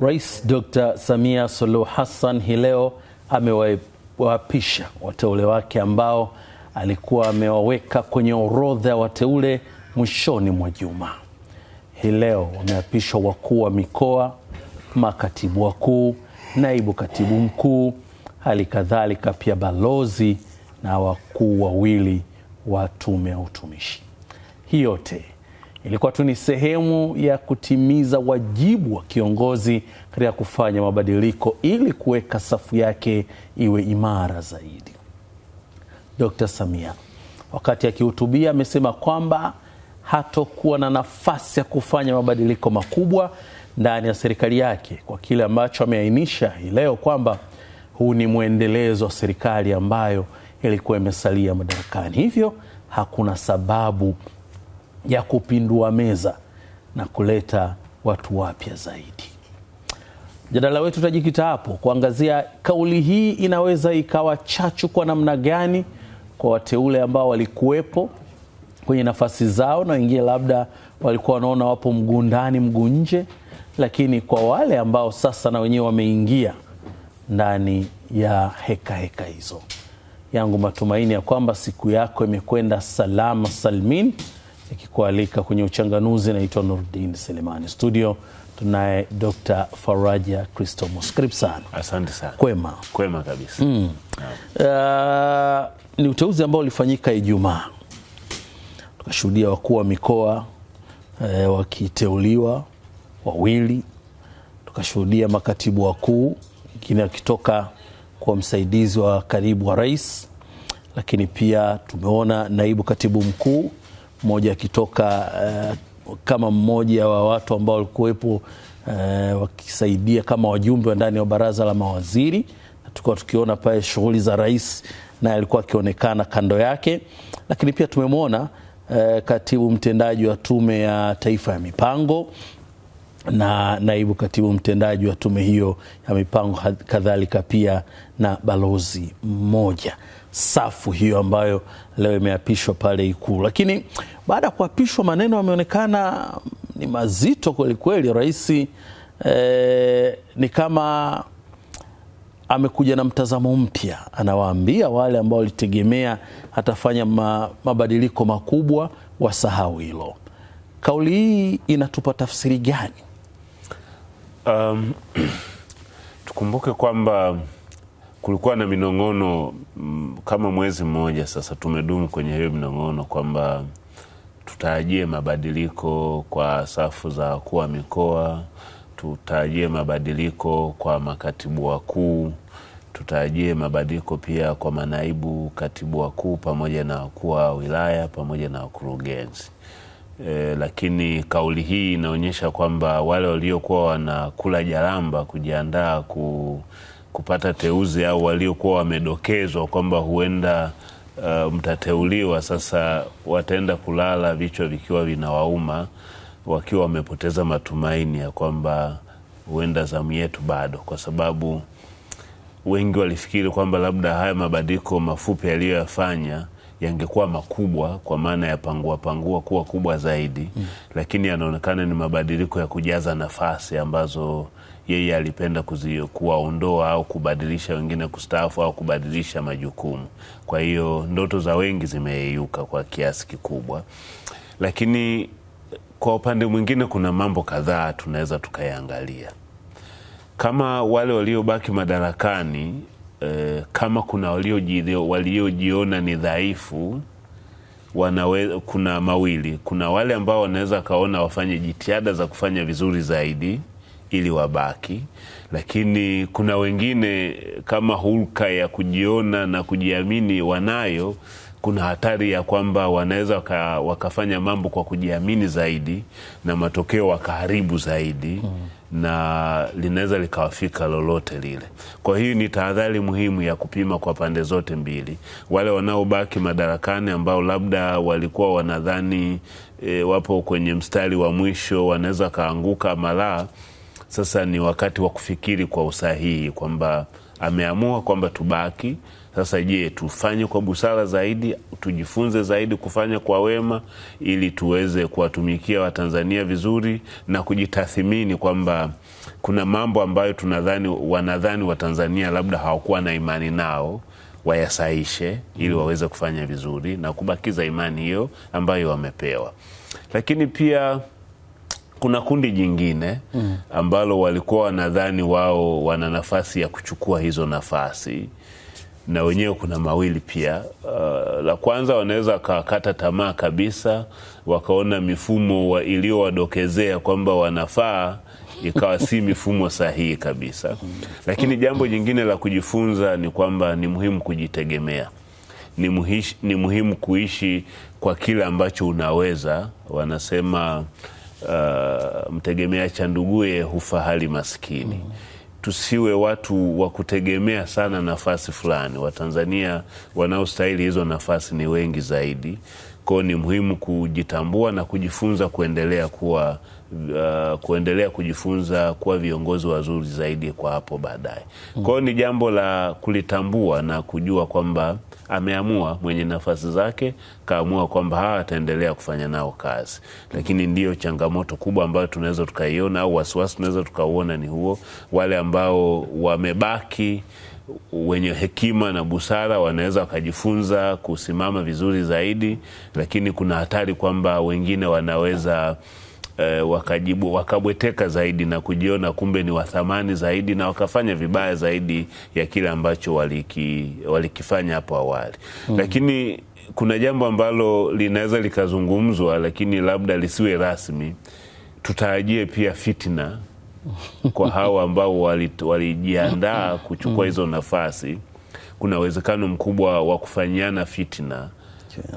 Rais Dr. Samia Suluhu Hassan hii leo amewaapisha wateule wake ambao alikuwa amewaweka kwenye orodha ya wateule mwishoni mwa juma. Hii leo wameapishwa wakuu wa mikoa, makatibu wakuu, naibu katibu mkuu, hali kadhalika pia balozi na wakuu wawili wa tume ya utumishi. Hii yote ilikuwa tu ni sehemu ya kutimiza wajibu wa kiongozi katika kufanya mabadiliko ili kuweka safu yake iwe imara zaidi. d Samia wakati akihutubia amesema kwamba hatokuwa na nafasi ya kufanya mabadiliko makubwa ndani ya serikali yake kwa kile ambacho ameainisha hii leo kwamba huu ni mwendelezo wa serikali ambayo ilikuwa imesalia madarakani, hivyo hakuna sababu ya kupindua meza na kuleta watu wapya zaidi. Mjadala wetu utajikita hapo kuangazia kauli hii inaweza ikawa chachu kwa namna gani kwa wateule ambao walikuwepo kwenye nafasi zao na wengine labda walikuwa wanaona wapo mguu ndani mguu nje, lakini kwa wale ambao sasa na wenyewe wameingia ndani ya hekaheka hizo yangu matumaini ya kwamba siku yako imekwenda salama salmin ikikualika kwenye uchanganuzi. Naitwa Nurdin Selemani, studio tunaye Dr. Faraja Kristomus. Karibu sana. Asante sana. Kwema, kwema kabisa. Mm. Yeah. Uh, ni uteuzi ambao ulifanyika Ijumaa, tukashuhudia wakuu wa mikoa uh, wakiteuliwa wawili, tukashuhudia makatibu wakuu wengine wakitoka kuwa msaidizi wa karibu wa rais, lakini pia tumeona naibu katibu mkuu mmoja akitoka uh, kama mmoja wa watu ambao walikuwepo uh, wakisaidia kama wajumbe wa ndani ya baraza la mawaziri. Tulikuwa tukiona pale shughuli za rais, naye alikuwa akionekana kando yake, lakini pia tumemwona uh, katibu mtendaji wa Tume ya Taifa ya Mipango na naibu katibu mtendaji wa tume hiyo ya mipango, kadhalika pia na balozi mmoja safu hiyo ambayo leo imeapishwa pale Ikulu. Lakini baada ya kuapishwa, maneno yameonekana ni mazito kwelikweli. Rais eh, ni kama amekuja na mtazamo mpya, anawaambia wale ambao walitegemea atafanya ma, mabadiliko makubwa wasahau hilo. Kauli hii inatupa tafsiri gani? Um, tukumbuke kwamba kulikuwa na minong'ono mm, kama mwezi mmoja sasa, tumedumu kwenye hiyo minong'ono kwamba tutarajie mabadiliko kwa safu za wakuu wa mikoa, tutarajie mabadiliko kwa makatibu wakuu, tutarajie mabadiliko pia kwa manaibu katibu wakuu pamoja na wakuu wa wilaya pamoja na wakurugenzi. E, lakini kauli hii inaonyesha kwamba wale waliokuwa wanakula jaramba kujiandaa ku kupata teuzi au waliokuwa wamedokezwa kwamba huenda uh, mtateuliwa, sasa wataenda kulala vichwa vikiwa vinawauma, wakiwa wamepoteza matumaini ya kwamba huenda zamu yetu bado, kwa sababu wengi walifikiri kwamba labda haya mabadiliko mafupi yaliyoyafanya yangekuwa makubwa kwa maana ya pangua pangua kuwa kubwa zaidi mm. Lakini yanaonekana ni mabadiliko ya kujaza nafasi ambazo yeye alipenda kuwaondoa au kubadilisha wengine kustaafu au kubadilisha majukumu. Kwa hiyo ndoto za wengi zimeyeyuka kwa kiasi kikubwa, lakini kwa upande mwingine kuna mambo kadhaa tunaweza tukayaangalia kama wale waliobaki madarakani eh, kama kuna waliojiona ni dhaifu wanawe, kuna mawili, kuna wale ambao wanaweza kaona wafanye jitihada za kufanya vizuri zaidi ili wabaki, lakini kuna wengine kama hulka ya kujiona na kujiamini wanayo, kuna hatari ya kwamba wanaweza waka, wakafanya mambo kwa kujiamini zaidi na matokeo wakaharibu zaidi mm. na linaweza likawafika lolote lile. Kwa hiyo ni tahadhari muhimu ya kupima kwa pande zote mbili, wale wanaobaki madarakani ambao labda walikuwa wanadhani e, wapo kwenye mstari wa mwisho wanaweza wakaanguka malaa sasa ni wakati wa kufikiri kwa usahihi kwamba ameamua kwamba tubaki. Sasa je, tufanye kwa busara zaidi, tujifunze zaidi kufanya kwa wema, ili tuweze kuwatumikia Watanzania vizuri na kujitathimini kwamba kuna mambo ambayo tunadhani wanadhani Watanzania labda hawakuwa na imani nao wayasaishe ili waweze kufanya vizuri na kubakiza imani hiyo ambayo wamepewa, lakini pia kuna kundi jingine mm. ambalo walikuwa wanadhani wao wana nafasi ya kuchukua hizo nafasi na wenyewe kuna mawili pia. Uh, la kwanza wanaweza wakawakata tamaa kabisa, wakaona mifumo iliyowadokezea kwamba wanafaa ikawa si mifumo sahihi kabisa. Lakini jambo jingine la kujifunza ni kwamba ni muhimu kujitegemea, ni, muhish, ni muhimu kuishi kwa kile ambacho unaweza, wanasema uh, mtegemea cha nduguye hufahali maskini mm. Tusiwe watu wa kutegemea sana nafasi fulani. Watanzania wanaostahili hizo nafasi ni wengi zaidi. Kwao ni muhimu kujitambua na kujifunza kuendelea kuwa uh, kuendelea kujifunza kuwa viongozi wazuri zaidi kwa hapo baadaye. Mm. Kwao ni jambo la kulitambua na kujua kwamba ameamua mwenye nafasi zake kaamua kwamba hawa ataendelea kufanya nao kazi, lakini ndiyo changamoto kubwa ambayo tunaweza tukaiona au wasiwasi tunaweza tukauona ni huo, wale ambao wamebaki wenye hekima na busara wanaweza wakajifunza kusimama vizuri zaidi, lakini kuna hatari kwamba wengine wanaweza eh, wakajibu wakabweteka zaidi na kujiona kumbe ni wathamani zaidi na wakafanya vibaya zaidi ya kile ambacho waliki, walikifanya hapo awali mm. Lakini kuna jambo ambalo linaweza likazungumzwa, lakini labda lisiwe rasmi. Tutarajie pia fitna kwa hao ambao walijiandaa wali kuchukua mm. hizo nafasi, kuna uwezekano mkubwa wa kufanyiana fitina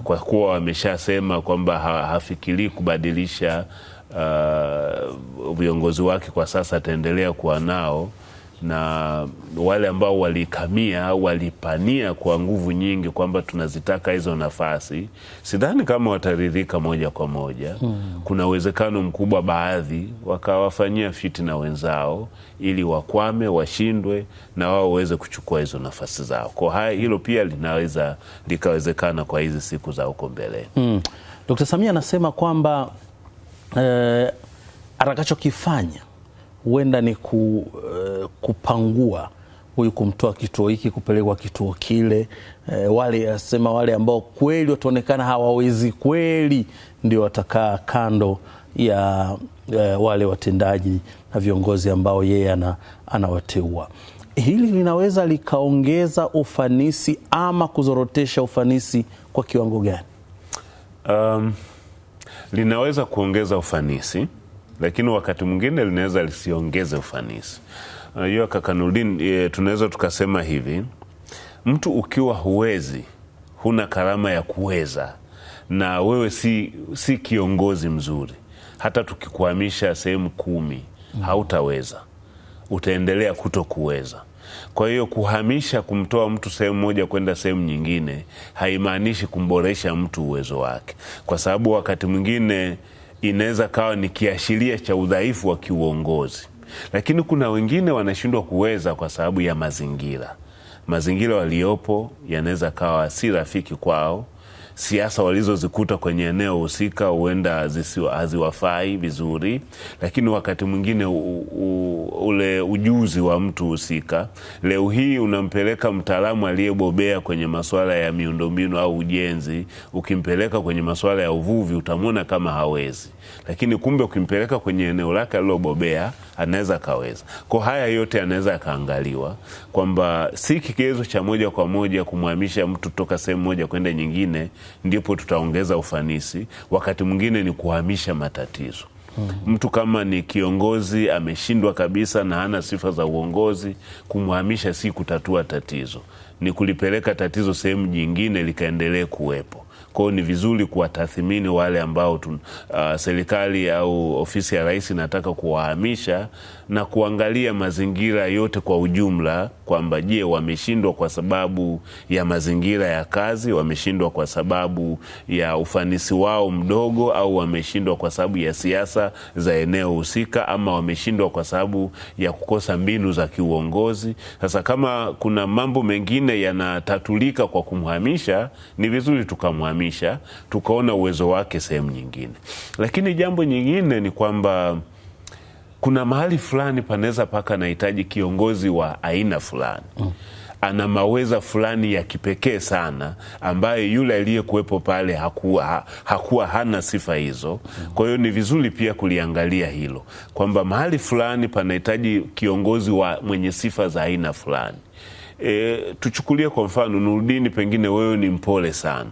kwa kuwa wameshasema kwamba hafikirii kubadilisha uh, viongozi wake kwa sasa, ataendelea kuwa nao na wale ambao walikamia au walipania kwa nguvu nyingi kwamba tunazitaka hizo nafasi, sidhani kama wataridhika moja kwa moja hmm. Kuna uwezekano mkubwa baadhi wakawafanyia fitina wenzao ili wakwame, washindwe na wao waweze kuchukua hizo nafasi zao. Kwa haya hilo pia linaweza likawezekana kwa hizi siku za huko mbeleni Hmm. Dkt. Samia anasema kwamba eh, atakachokifanya huenda ni ku, uh, kupangua huyu kumtoa kituo hiki kupelekwa kituo kile. E, wale asema wale ambao kweli wataonekana hawawezi kweli ndio watakaa kando ya e, wale watendaji na viongozi ambao yeye anawateua. Hili linaweza likaongeza ufanisi ama kuzorotesha ufanisi kwa kiwango gani? Um, linaweza kuongeza ufanisi lakini wakati mwingine linaweza lisiongeze ufanisi. Unajua ah, kaka Nurdin, e, tunaweza tukasema hivi, mtu ukiwa huwezi, huna karama ya kuweza, na wewe si, si kiongozi mzuri, hata tukikuhamisha sehemu kumi mm. hautaweza, utaendelea kuto kuweza. Kwa hiyo kuhamisha, kumtoa mtu sehemu moja kwenda sehemu nyingine haimaanishi kumboresha mtu uwezo wake, kwa sababu wakati mwingine inaweza kawa ni kiashiria cha udhaifu wa kiuongozi, lakini kuna wengine wanashindwa kuweza kwa sababu ya mazingira. Mazingira waliopo yanaweza kawa si rafiki kwao siasa walizozikuta kwenye eneo husika huenda haziwafai vizuri, lakini wakati mwingine ule ujuzi wa mtu husika. Leo hii unampeleka mtaalamu aliyebobea kwenye masuala ya miundombinu au ujenzi, ukimpeleka kwenye masuala ya uvuvi utamwona kama hawezi, lakini kumbe ukimpeleka kwenye eneo lake alilobobea anaweza akaweza. Kwa haya yote anaweza akaangaliwa kwamba si kigezo cha moja kwa moja kumhamisha mtu toka sehemu moja kwenda nyingine ndipo tutaongeza ufanisi. Wakati mwingine ni kuhamisha matatizo. Mm -hmm. Mtu kama ni kiongozi ameshindwa kabisa na hana sifa za uongozi, kumhamisha si kutatua tatizo, ni kulipeleka tatizo sehemu nyingine likaendelee kuwepo kwao ni vizuri kuwatathmini wale ambao tun, uh, serikali au ofisi ya rais inataka kuwahamisha na kuangalia mazingira yote kwa ujumla kwamba je, wameshindwa kwa sababu ya mazingira ya kazi, wameshindwa kwa sababu ya ufanisi wao mdogo, au wameshindwa kwa sababu ya siasa za eneo husika, ama wameshindwa kwa sababu ya kukosa mbinu za kiuongozi. Sasa kama kuna mambo mengine yanatatulika kwa kumhamisha, ni vizuri tukamhamisha kutusimamisha, tukaona uwezo wake sehemu nyingine. Lakini jambo nyingine ni kwamba kuna mahali fulani panaweza paka anahitaji kiongozi wa aina fulani mm. Ana maweza fulani ya kipekee sana ambaye yule aliyekuwepo pale hakuwa, hakuwa hana sifa hizo mm. Kwa hiyo ni vizuri pia kuliangalia hilo kwamba mahali fulani panahitaji kiongozi wa mwenye sifa za aina fulani. E, tuchukulie kwa mfano Nurudini, pengine wewe ni mpole sana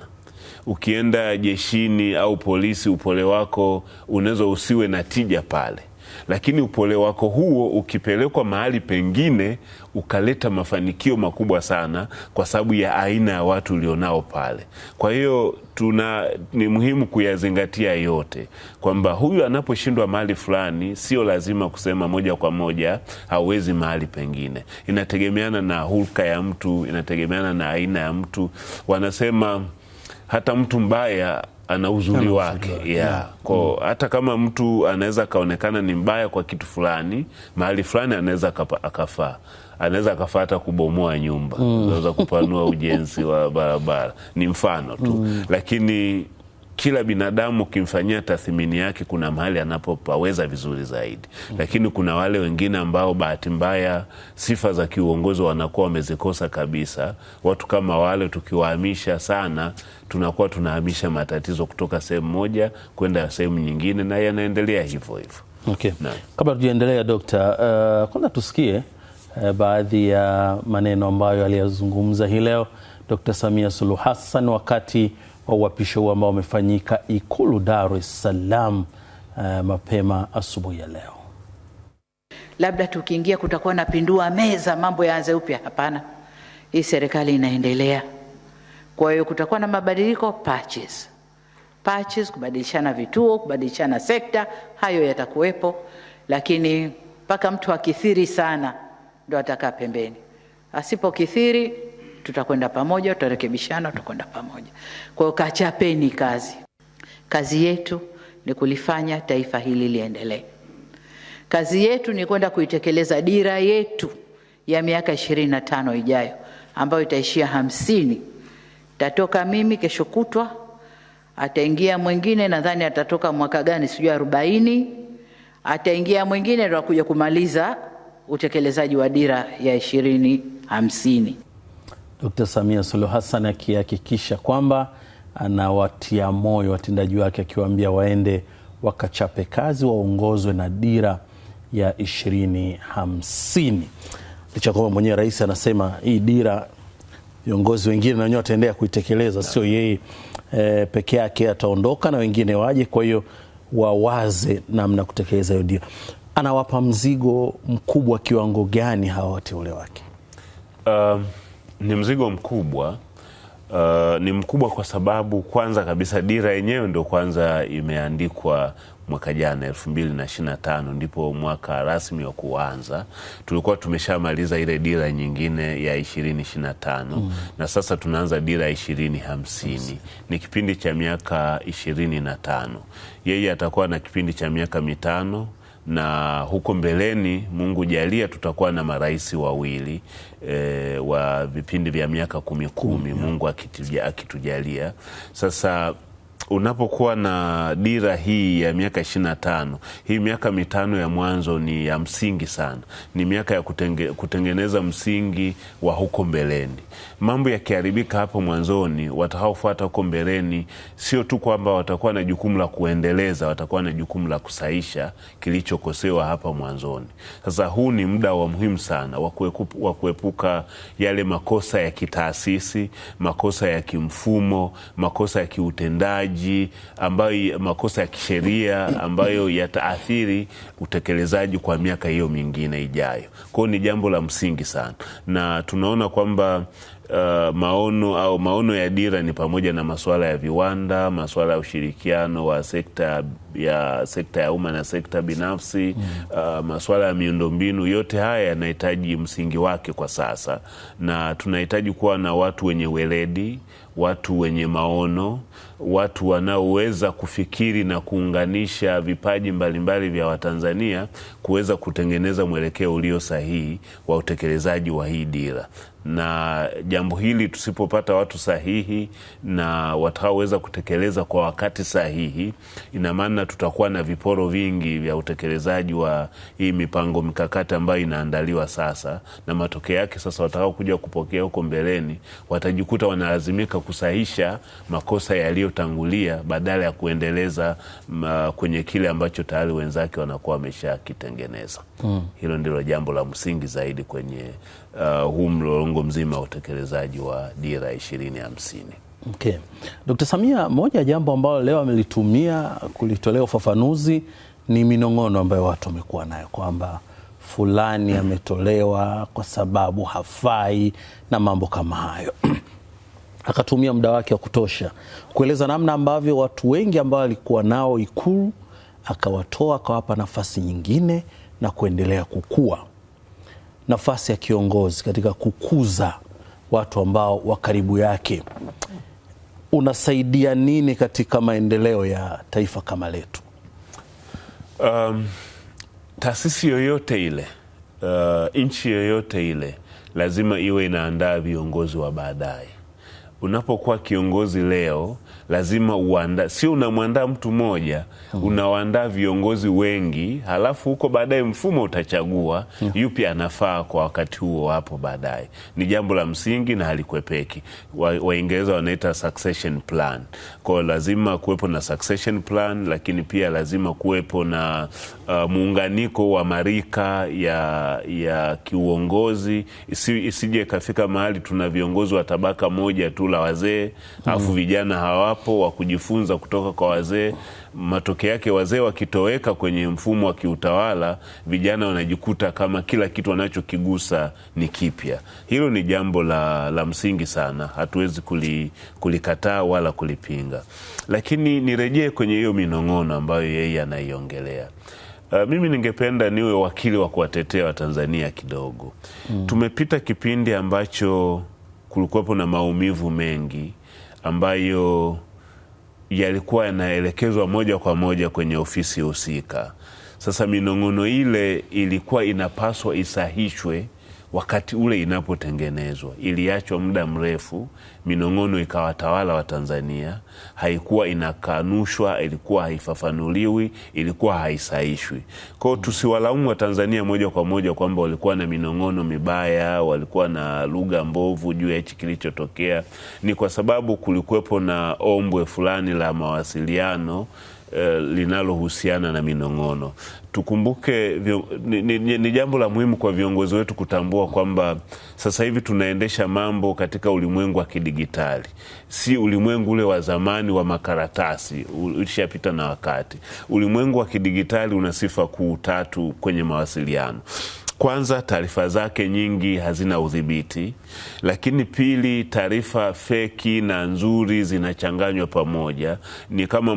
ukienda jeshini au polisi, upole wako unaweza usiwe na tija pale, lakini upole wako huo ukipelekwa mahali pengine ukaleta mafanikio makubwa sana, kwa sababu ya aina ya watu ulionao pale. Kwa hiyo tuna ni muhimu kuyazingatia yote, kwamba huyu anaposhindwa mahali fulani, sio lazima kusema moja kwa moja hauwezi mahali pengine. Inategemeana na hulka ya mtu, inategemeana na aina ya mtu. Wanasema hata mtu mbaya ana uzuri wake yeah. yeah. mm. Hata kama mtu anaweza akaonekana ni mbaya kwa kitu fulani mahali fulani, anaweza akafaa, anaweza akafaa hata kubomoa nyumba mm. anaweza kupanua ujenzi wa barabara, ni mfano tu mm. lakini kila binadamu ukimfanyia tathmini yake, kuna mahali anapopaweza vizuri zaidi mm -hmm. Lakini kuna wale wengine ambao bahati mbaya sifa za kiuongozi wanakuwa wamezikosa kabisa. Watu kama wale tukiwahamisha sana, tunakuwa tunahamisha matatizo kutoka sehemu moja kwenda sehemu nyingine, na yanaendelea hivyo hivyo. Okay. Kabla tujaendelea Dokta, uh, kwanza tusikie uh, baadhi ya maneno ambayo aliyazungumza hii leo Dokta Samia Suluhu Hassan wakati wa uapisho huu ambao wamefanyika Ikulu Dar es Salaam uh, mapema asubuhi ya leo. Labda tukiingia kutakuwa na pindua meza, mambo yaanze upya? Hapana, hii serikali inaendelea. Kwa hiyo kutakuwa na mabadiliko patches, patches, kubadilishana vituo, kubadilishana sekta, hayo yatakuwepo, lakini mpaka mtu akithiri sana ndo atakaa pembeni, asipokithiri tutakwenda pamoja, tutarekebishana, tutakwenda pamoja. Kwa hiyo kachapeni kazi. Kazi yetu ni kulifanya taifa hili liendelee. Kazi yetu ni kwenda kuitekeleza dira yetu ya miaka ishirini na tano ijayo ambayo itaishia hamsini. Tatoka mimi kesho kutwa, ataingia mwingine, nadhani atatoka mwaka gani sijui, arobaini, ataingia mwingine ndo akuja kumaliza utekelezaji wa dira ya ishirini hamsini. Dkt. Samia Suluhu Hassan akihakikisha kwamba anawatia moyo watendaji wake, akiwaambia waende wakachape kazi, waongozwe na dira ya ishirini hamsini. Licha kwamba mwenyewe rais anasema hii dira viongozi wengine na wenyewe wataendelea kuitekeleza, sio yeye e, peke yake ataondoka na wengine waje. Kwa hiyo wawaze namna kutekeleza hiyo dira. Anawapa mzigo mkubwa kiwango gani hawa wateule wake? um ni mzigo mkubwa. Uh, ni mkubwa kwa sababu kwanza kabisa dira yenyewe ndo kwanza imeandikwa mwaka jana tano ndipo mwaka rasmi wa kuanza. Tulikuwa tumeshamaliza ile dira nyingine ya tano mm. na sasa tunaanza dira ya 2050. Ni kipindi cha miaka tano Yeye atakuwa na kipindi cha miaka mitano na huko mbeleni, Mungu jalia, tutakuwa na marahisi wawili e, wa vipindi vya miaka kumi kumi, mm, Mungu akitujalia. Sasa unapokuwa na dira hii ya miaka ishirini na tano, hii miaka mitano ya mwanzo ni ya msingi sana, ni miaka ya kutenge, kutengeneza msingi wa huko mbeleni. Mambo yakiharibika hapo mwanzoni, watakaofuata huko mbeleni sio tu kwamba watakuwa na jukumu la kuendeleza, watakuwa na jukumu la kusaisha kilichokosewa hapa mwanzoni. Sasa huu ni muda wa muhimu sana wa kuepuka yale makosa ya kitaasisi, makosa ya kimfumo, makosa ya kiutendaji maji ambayo makosa ya kisheria ambayo yataathiri utekelezaji kwa miaka hiyo mingine ijayo. Kwa hiyo ni jambo la msingi sana, na tunaona kwamba Uh, maono au maono ya dira ni pamoja na masuala ya viwanda, masuala ya ushirikiano wa sekta ya sekta ya umma na sekta binafsi mm. Uh, masuala ya miundombinu yote haya yanahitaji msingi wake kwa sasa, na tunahitaji kuwa na watu wenye weledi, watu wenye maono, watu wanaoweza kufikiri na kuunganisha vipaji mbalimbali vya Watanzania kuweza kutengeneza mwelekeo ulio sahihi wa utekelezaji wa hii dira na jambo hili tusipopata watu sahihi na watakaoweza kutekeleza kwa wakati sahihi, ina maana tutakuwa na viporo vingi vya utekelezaji wa hii mipango mikakati ambayo inaandaliwa sasa, na matokeo yake sasa watakao kuja kupokea huko mbeleni watajikuta wanalazimika kusahisha makosa yaliyotangulia badala ya kuendeleza ma, mm, ah, kwenye kile ambacho tayari wenzake wanakuwa wameshakitengeneza. Hmm. Hilo ndilo jambo la msingi zaidi kwenye uh, huu mlolongo mzima wa utekelezaji wa dira ishirini hamsini. Okay. Dkt. Samia, moja ya jambo ambalo leo amelitumia kulitolea ufafanuzi ni minong'ono ambayo watu wamekuwa nayo kwamba fulani ametolewa kwa sababu hafai na mambo kama hayo. Akatumia muda wake wa kutosha kueleza namna ambavyo watu wengi ambao walikuwa nao Ikulu akawatoa akawapa nafasi nyingine na kuendelea kukua, nafasi ya kiongozi katika kukuza watu ambao wa karibu yake. Unasaidia nini katika maendeleo ya taifa kama letu? Um, taasisi yoyote ile, uh, nchi yoyote ile lazima iwe inaandaa viongozi wa baadaye unapokuwa kiongozi leo lazima uanda, sio unamwandaa mtu mmoja mm -hmm. unawandaa viongozi wengi, halafu huko baadaye mfumo utachagua yeah. Mhm. yupi anafaa kwa wakati huo hapo baadaye. Ni jambo la msingi na halikwepeki. Waingereza wa wanaita succession plan, kwao lazima kuwepo na succession plan, lakini pia lazima kuwepo na uh, muunganiko wa marika ya, ya kiuongozi, isije ikafika mahali tuna viongozi wa tabaka moja tu la wazee alafu mm. vijana hawapo wa kujifunza kutoka kwa wazee. Matokeo yake wazee wakitoweka kwenye mfumo wa kiutawala, vijana wanajikuta kama kila kitu wanachokigusa ni kipya. Hilo ni jambo la, la msingi sana, hatuwezi kulikataa wala kulipinga, lakini nirejee kwenye hiyo minong'ono ambayo yeye anaiongelea. Uh, mimi ningependa niwe wakili wa kuwatetea Watanzania kidogo mm. Tumepita kipindi ambacho kulikuwepo na maumivu mengi ambayo yalikuwa yanaelekezwa moja kwa moja kwenye ofisi husika. Sasa minong'ono ile ilikuwa inapaswa isahishwe wakati ule inapotengenezwa iliachwa muda mrefu, minong'ono ikawatawala Watanzania. Haikuwa inakanushwa, ilikuwa haifafanuliwi, ilikuwa haisaishwi. Kwao tusiwalaumu Watanzania moja kwa moja kwamba walikuwa na minong'ono mibaya, walikuwa na lugha mbovu juu ya hichi kilichotokea. Ni kwa sababu kulikuwepo na ombwe fulani la mawasiliano Eh, linalohusiana na minong'ono. Tukumbuke vio, ni, ni, ni jambo la muhimu kwa viongozi wetu kutambua kwamba sasa hivi tunaendesha mambo katika ulimwengu wa kidigitali, si ulimwengu ule wa zamani wa makaratasi ulishapita na wakati. Ulimwengu wa kidigitali una sifa kuu tatu kwenye mawasiliano kwanza taarifa zake nyingi hazina udhibiti, lakini pili, taarifa feki na nzuri zinachanganywa pamoja, ni kama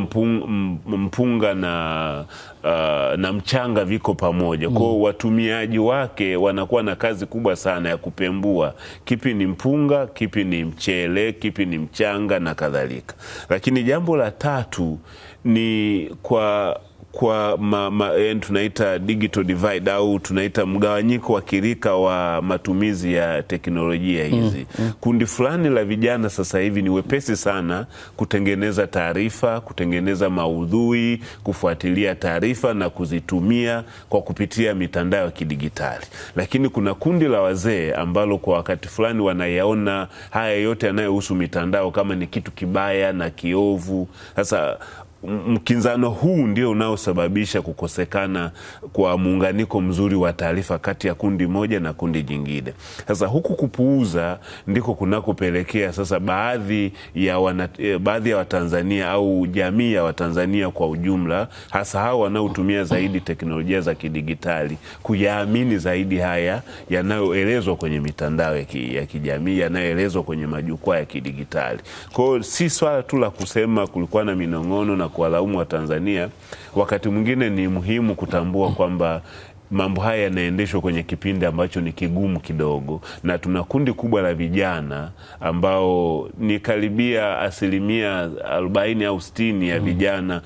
mpunga na, uh, na mchanga viko pamoja mm. Kwao watumiaji wake wanakuwa na kazi kubwa sana ya kupembua kipi ni mpunga, kipi ni mchele, kipi ni mchanga na kadhalika. Lakini jambo la tatu ni kwa kwa ma, ma, en, eh, tunaita digital divide au tunaita mgawanyiko wa kirika wa matumizi ya teknolojia mm, hizi mm, mm. Kundi fulani la vijana sasa hivi ni wepesi sana kutengeneza taarifa, kutengeneza maudhui, kufuatilia taarifa na kuzitumia kwa kupitia mitandao ya kidigitali, lakini kuna kundi la wazee ambalo kwa wakati fulani wanayaona haya yote yanayohusu mitandao kama ni kitu kibaya na kiovu. Sasa mkinzano huu ndio unaosababisha kukosekana kwa muunganiko mzuri wa taarifa kati ya kundi moja na kundi jingine. Sasa huku kupuuza ndiko kunakopelekea sasa baadhi ya wana, eh, baadhi ya Watanzania au jamii ya Watanzania kwa ujumla, hasa hao wanaotumia zaidi teknolojia za kidigitali kuyaamini zaidi haya yanayoelezwa kwenye mitandao ya kijamii, yanayoelezwa kwenye majukwaa ya kidigitali. Kwa hiyo si swala tu la kusema kulikuwa na minong'ono na kuwalaumu tanzania wakati mwingine ni muhimu kutambua kwamba mambo haya yanaendeshwa kwenye kipindi ambacho ni kigumu kidogo, na tuna kundi kubwa la vijana ambao ni karibia asilimia arobaini au 60 ya hmm. vijana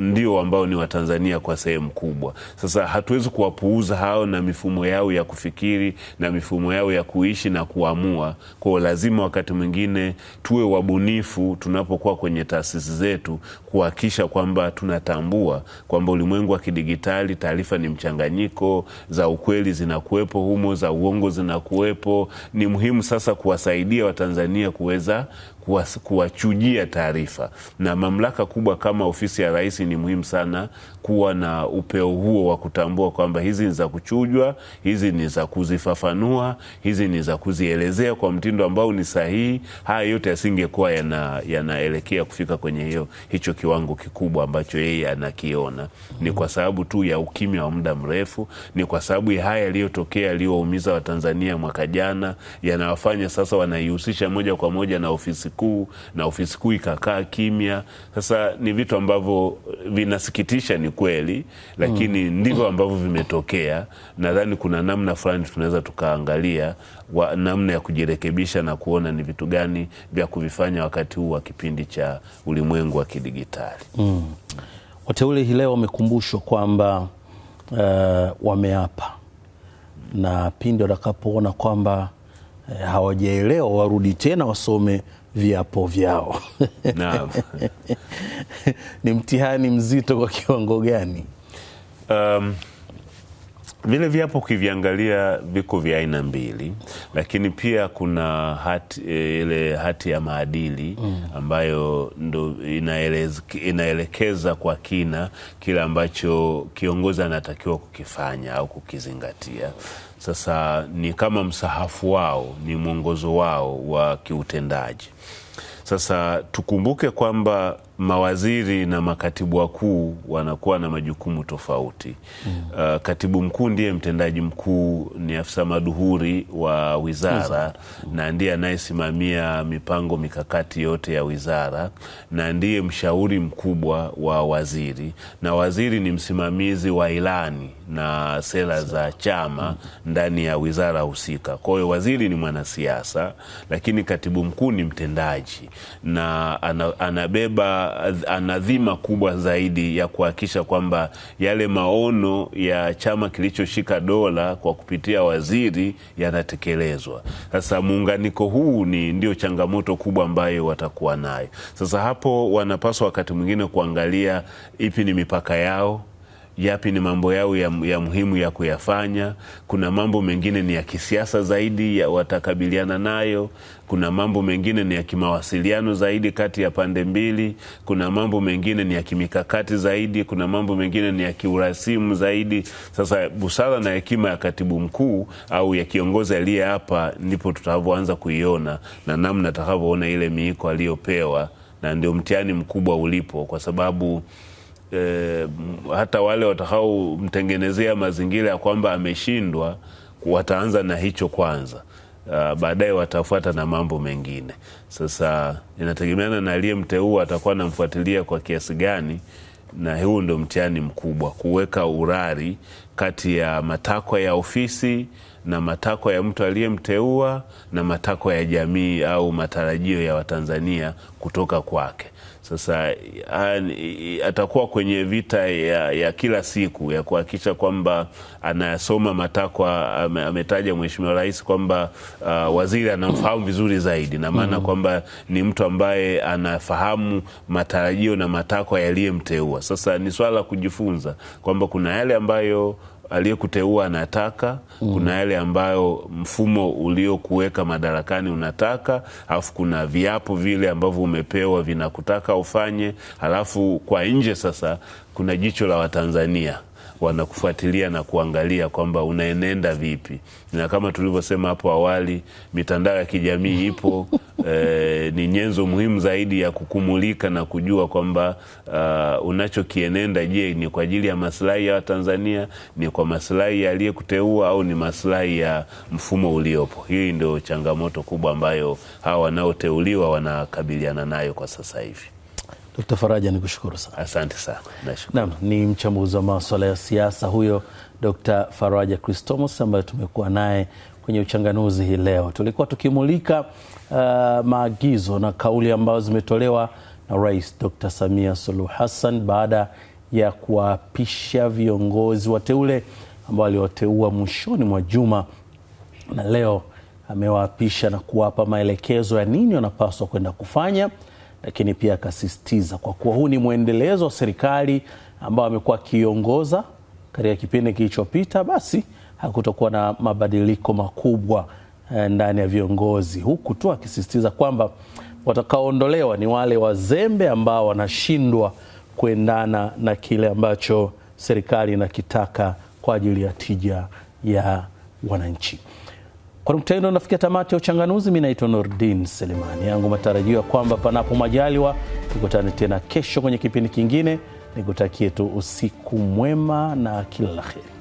ndio ambao ni Watanzania kwa sehemu kubwa. Sasa hatuwezi kuwapuuza hao na mifumo yao ya kufikiri na mifumo yao ya kuishi na kuamua. Kwao lazima wakati mwingine tuwe wabunifu tunapokuwa kwenye taasisi zetu kuhakisha kwamba tunatambua kwamba ulimwengu wa kidigitali, taarifa ni mchanganyiko ziko za ukweli zinakuwepo humo, za uongo zinakuwepo. Ni muhimu sasa kuwasaidia Watanzania kuweza kuwachujia taarifa, na mamlaka kubwa kama ofisi ya rais ni muhimu sana kuwa na upeo huo wa kutambua kwamba hizi ni za kuchujwa, hizi ni za kuzifafanua, hizi ni za kuzielezea kwa mtindo ambao ni sahihi. Haya yote yasingekuwa yanaelekea yana kufika kwenye hiyo hicho kiwango kikubwa ambacho yeye anakiona. Ni kwa sababu tu ya ukimya wa muda mrefu, ni kwa sababu haya yaliyotokea yaliyowaumiza Watanzania mwaka jana yanawafanya sasa wanaihusisha moja kwa moja na ofisi kuu na ofisi kuu ikakaa kimya. Sasa ni vitu ambavyo vinasikitisha, ni kweli, lakini mm. ndivyo ambavyo vimetokea. Nadhani kuna namna fulani tunaweza tukaangalia wa, namna ya kujirekebisha na kuona ni vitu gani vya kuvifanya wakati huu wa kipindi cha ulimwengu wa kidigitali mm. Wateule hii leo wamekumbushwa kwamba uh, wameapa na pindi watakapoona kwamba uh, hawajaelewa warudi tena wasome viapo vyao ni mtihani mzito kwa kiwango gani? Um, vile viapo ukiviangalia viko vya aina mbili, lakini pia kuna hati, e, ile hati ya maadili mm. ambayo ndo inaelez, inaelekeza kwa kina kile ambacho kiongozi anatakiwa kukifanya au kukizingatia. Sasa ni kama msahafu wao, ni mwongozo wao wa kiutendaji. Sasa tukumbuke kwamba mawaziri na makatibu wakuu wanakuwa na majukumu tofauti mm. Uh, katibu mkuu ndiye mtendaji mkuu, ni afisa maduhuri wa wizara mm. na ndiye anayesimamia mipango mikakati yote ya wizara na ndiye mshauri mkubwa wa waziri, na waziri ni msimamizi wa ilani na sera za chama mm. ndani ya wizara husika. Kwa hiyo waziri ni mwanasiasa, lakini katibu mkuu ni mtendaji na anabeba ana dhima kubwa zaidi ya kuhakikisha kwamba yale maono ya chama kilichoshika dola kwa kupitia waziri yanatekelezwa. Sasa muunganiko huu ni ndio changamoto kubwa ambayo watakuwa nayo. Sasa hapo wanapaswa wakati mwingine kuangalia ipi ni mipaka yao yapi ni mambo yao ya, ya muhimu ya kuyafanya. Kuna mambo mengine ni ya kisiasa zaidi ya watakabiliana nayo. Kuna mambo mengine ni ya kimawasiliano zaidi kati ya pande mbili. Kuna mambo mengine ni ya kimikakati zaidi. Kuna mambo mengine ni ya kiurasimu zaidi. Sasa busara na hekima ya katibu mkuu au ya kiongozi aliye hapa, ndipo tutakavyoanza kuiona na namna atakavyoona ile miiko aliyopewa, na ndio mtihani mkubwa ulipo, kwa sababu eh, hata wale watakaomtengenezea mazingira ya kwamba ameshindwa wataanza na hicho kwanza. Uh, baadaye watafuata na mambo mengine. Sasa inategemeana na aliyemteua atakuwa anamfuatilia kwa kiasi gani, na huu ndio mtihani mkubwa, kuweka urari kati ya matakwa ya ofisi na matakwa ya mtu aliyemteua na matakwa ya jamii au matarajio ya Watanzania kutoka kwake. Sasa atakuwa kwenye vita ya, ya kila siku ya kuhakikisha kwamba anayasoma matakwa ametaja Mheshimiwa Rais kwamba uh, waziri anamfahamu vizuri zaidi, na maana mm-hmm. kwamba ni mtu ambaye anafahamu matarajio na matakwa yaliyemteua. Sasa ni swala la kujifunza kwamba kuna yale ambayo aliyekuteua anataka mm. Kuna yale ambayo mfumo uliokuweka madarakani unataka, alafu kuna viapo vile ambavyo umepewa vinakutaka ufanye, alafu kwa nje sasa kuna jicho la Watanzania wanakufuatilia na kuangalia kwamba unaenenda vipi, na kama tulivyosema hapo awali, mitandao ya kijamii ipo Eh, ni nyenzo muhimu zaidi ya kukumulika na kujua kwamba uh, unachokienenda, je, ni kwa ajili ya maslahi ya Watanzania, ni kwa maslahi ya aliyekuteua au ni maslahi ya mfumo uliopo. Hii ndio changamoto kubwa ambayo hawa wanaoteuliwa wanakabiliana nayo kwa sasa hivi. Dkt. Faraja, ni kushukuru sana. Asante sana. Naam, ni mchambuzi wa maswala ya siasa huyo Dkt. Faraja Cristomos ambaye tumekuwa naye kwenye Uchanganuzi hii leo. Tulikuwa tukimulika uh, maagizo na kauli ambazo zimetolewa na Rais Dr. Samia Suluhu Hassan baada ya kuwaapisha viongozi wateule ambao aliwateua mwishoni mwa juma, na leo amewaapisha na kuwapa maelekezo ya nini wanapaswa kwenda kufanya, lakini pia akasisitiza kwa kuwa huu ni mwendelezo wa serikali ambao amekuwa akiongoza katika kipindi kilichopita basi hakutokuwa ah, na mabadiliko makubwa eh, ndani ya viongozi, huku tu akisisitiza kwamba watakaoondolewa ni wale wazembe ambao wanashindwa kuendana na kile ambacho serikali inakitaka kwa ajili ya tija ya wananchi. Kwa nukta hino, nafikia tamati ya uchanganuzi. Mi naitwa Nordin Selemani, yangu matarajio ya kwamba panapo majaliwa tukutane tena kesho kwenye kipindi kingine. Nikutakie tu usiku mwema na kila la heri.